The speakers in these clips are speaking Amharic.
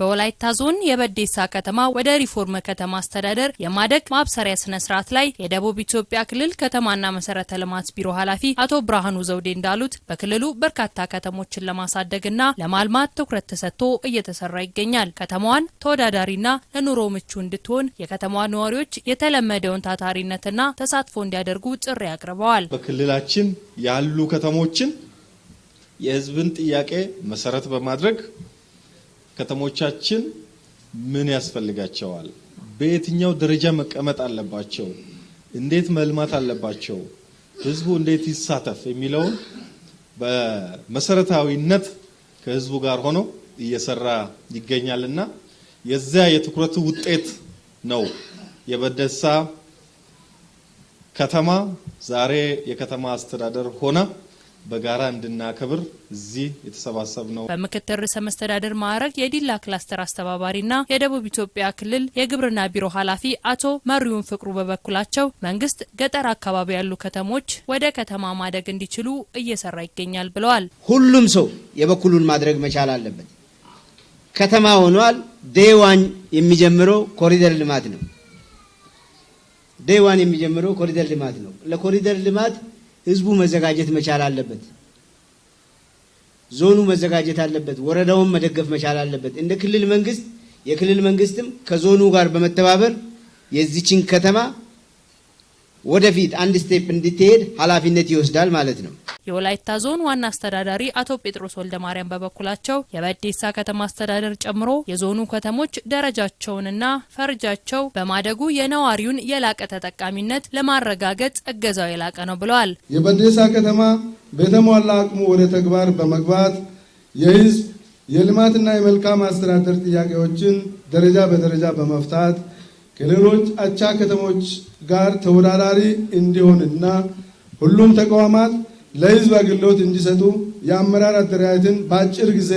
በወላይታ ዞን የበዴሳ ከተማ ወደ ሪፎርም ከተማ አስተዳደር የማደግ ማብሰሪያ ስነ ስርዓት ላይ የደቡብ ኢትዮጵያ ክልል ከተማና መሰረተ ልማት ቢሮ ኃላፊ አቶ ብርሃኑ ዘውዴ እንዳሉት በክልሉ በርካታ ከተሞችን ለማሳደግና ለማልማት ትኩረት ተሰጥቶ እየተሰራ ይገኛል። ከተማዋን ተወዳዳሪና ለኑሮ ምቹ እንድትሆን የከተማዋ ነዋሪዎች የተለመደውን ታታሪነትና ተሳትፎ እንዲያደርጉ ጥሪ አቅርበዋል። በክልላችን ያሉ ከተሞችን የህዝብን ጥያቄ መሰረት በማድረግ ከተሞቻችን ምን ያስፈልጋቸዋል፣ በየትኛው ደረጃ መቀመጥ አለባቸው፣ እንዴት መልማት አለባቸው፣ ህዝቡ እንዴት ይሳተፍ የሚለውን በመሰረታዊነት ከህዝቡ ጋር ሆኖ እየሰራ ይገኛልና የዚያ የትኩረቱ ውጤት ነው የበደሳ ከተማ ዛሬ የከተማ አስተዳደር ሆነ በጋራ እንድናከብር እዚህ የተሰባሰብ ነው። በምክትል ርዕሰ መስተዳደር ማዕረግ የዲላ ክላስተር አስተባባሪና የደቡብ ኢትዮጵያ ክልል የግብርና ቢሮ ኃላፊ አቶ መሪውን ፍቅሩ በበኩላቸው መንግስት ገጠር አካባቢ ያሉ ከተሞች ወደ ከተማ ማደግ እንዲችሉ እየሰራ ይገኛል ብለዋል። ሁሉም ሰው የበኩሉን ማድረግ መቻል አለበት። ከተማ ሆኗል። ዴዋን የሚጀምረው ኮሪደር ልማት ነው። ዴዋን የሚጀምረው ኮሪደር ልማት ነው። ለኮሪደር ልማት ህዝቡ መዘጋጀት መቻል አለበት። ዞኑ መዘጋጀት አለበት። ወረዳውን መደገፍ መቻል አለበት። እንደ ክልል መንግስት የክልል መንግስትም ከዞኑ ጋር በመተባበር የዚችን ከተማ ወደፊት አንድ ስቴፕ እንድትሄድ ኃላፊነት ይወስዳል ማለት ነው። የወላይታ ዞን ዋና አስተዳዳሪ አቶ ጴጥሮስ ማርያም በበኩላቸው የበዴሳ ከተማ አስተዳደር ጨምሮ የዞኑ ከተሞች ደረጃቸውንና ፈርጃቸው በማደጉ የነዋሪውን የላቀ ተጠቃሚነት ለማረጋገጥ እገዛው የላቀ ነው ብለዋል። የበዴሳ ከተማ በተሟላ አቅሙ ወደ ተግባር በመግባት የህዝብ የልማትና የመልካም አስተዳደር ጥያቄዎችን ደረጃ በደረጃ በመፍታት ከሌሎች አቻ ከተሞች ጋር ተወዳዳሪ እንዲሆንና ሁሉም ተቋማት ለህዝብ አገልግሎት እንዲሰጡ የአመራር አደረጃጀትን በአጭር ጊዜ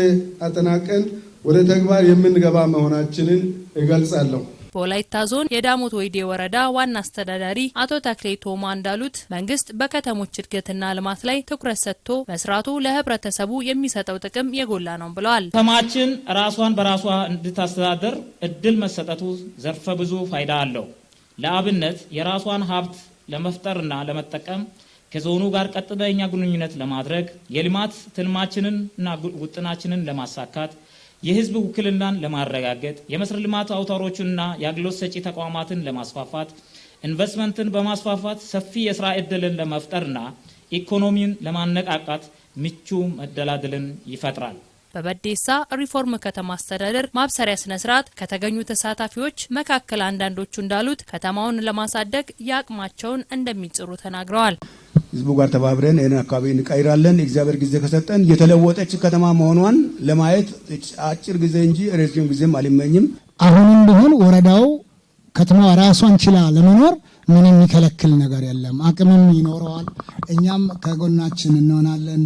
አጠናቀን ወደ ተግባር የምንገባ መሆናችንን እገልጻለሁ። በወላይታ ዞን የዳሞት ወይዴ ወረዳ ዋና አስተዳዳሪ አቶ ተክሌ ቶማ እንዳሉት መንግስት በከተሞች እድገትና ልማት ላይ ትኩረት ሰጥቶ መስራቱ ለህብረተሰቡ የሚሰጠው ጥቅም የጎላ ነው ብለዋል። ከተማችን ራሷን በራሷ እንድታስተዳደር እድል መሰጠቱ ዘርፈ ብዙ ፋይዳ አለው። ለአብነት የራሷን ሀብት ለመፍጠርና ለመጠቀም ከዞኑ ጋር ቀጥተኛ ግንኙነት ለማድረግ የልማት ትልማችንን እና ውጥናችንን ለማሳካት የህዝብ ውክልናን ለማረጋገጥ የመስር ልማት አውታሮቹንና የአገልግሎት ሰጪ ተቋማትን ለማስፋፋት ኢንቨስትመንትን በማስፋፋት ሰፊ የስራ እድልን ለመፍጠርና ኢኮኖሚን ለማነቃቃት ምቹ መደላድልን ይፈጥራል። በበዴሳ ሪፎርም ከተማ አስተዳደር ማብሰሪያ ስነ ስርዓት ከተገኙ ተሳታፊዎች መካከል አንዳንዶቹ እንዳሉት ከተማውን ለማሳደግ የአቅማቸውን እንደሚጽሩ ተናግረዋል። ህዝቡ ጋር ተባብረን ይህን አካባቢ እንቀይራለን። የእግዚአብሔር ጊዜ ከሰጠን የተለወጠች ከተማ መሆኗን ለማየት አጭር ጊዜ እንጂ ረዥም ጊዜም አልመኝም። አሁንም ቢሆን ወረዳው ከተማዋ ራሷን ችላ ለመኖር ምን የሚከለክል ነገር የለም። አቅምም ይኖረዋል። እኛም ከጎናችን እንሆናለን።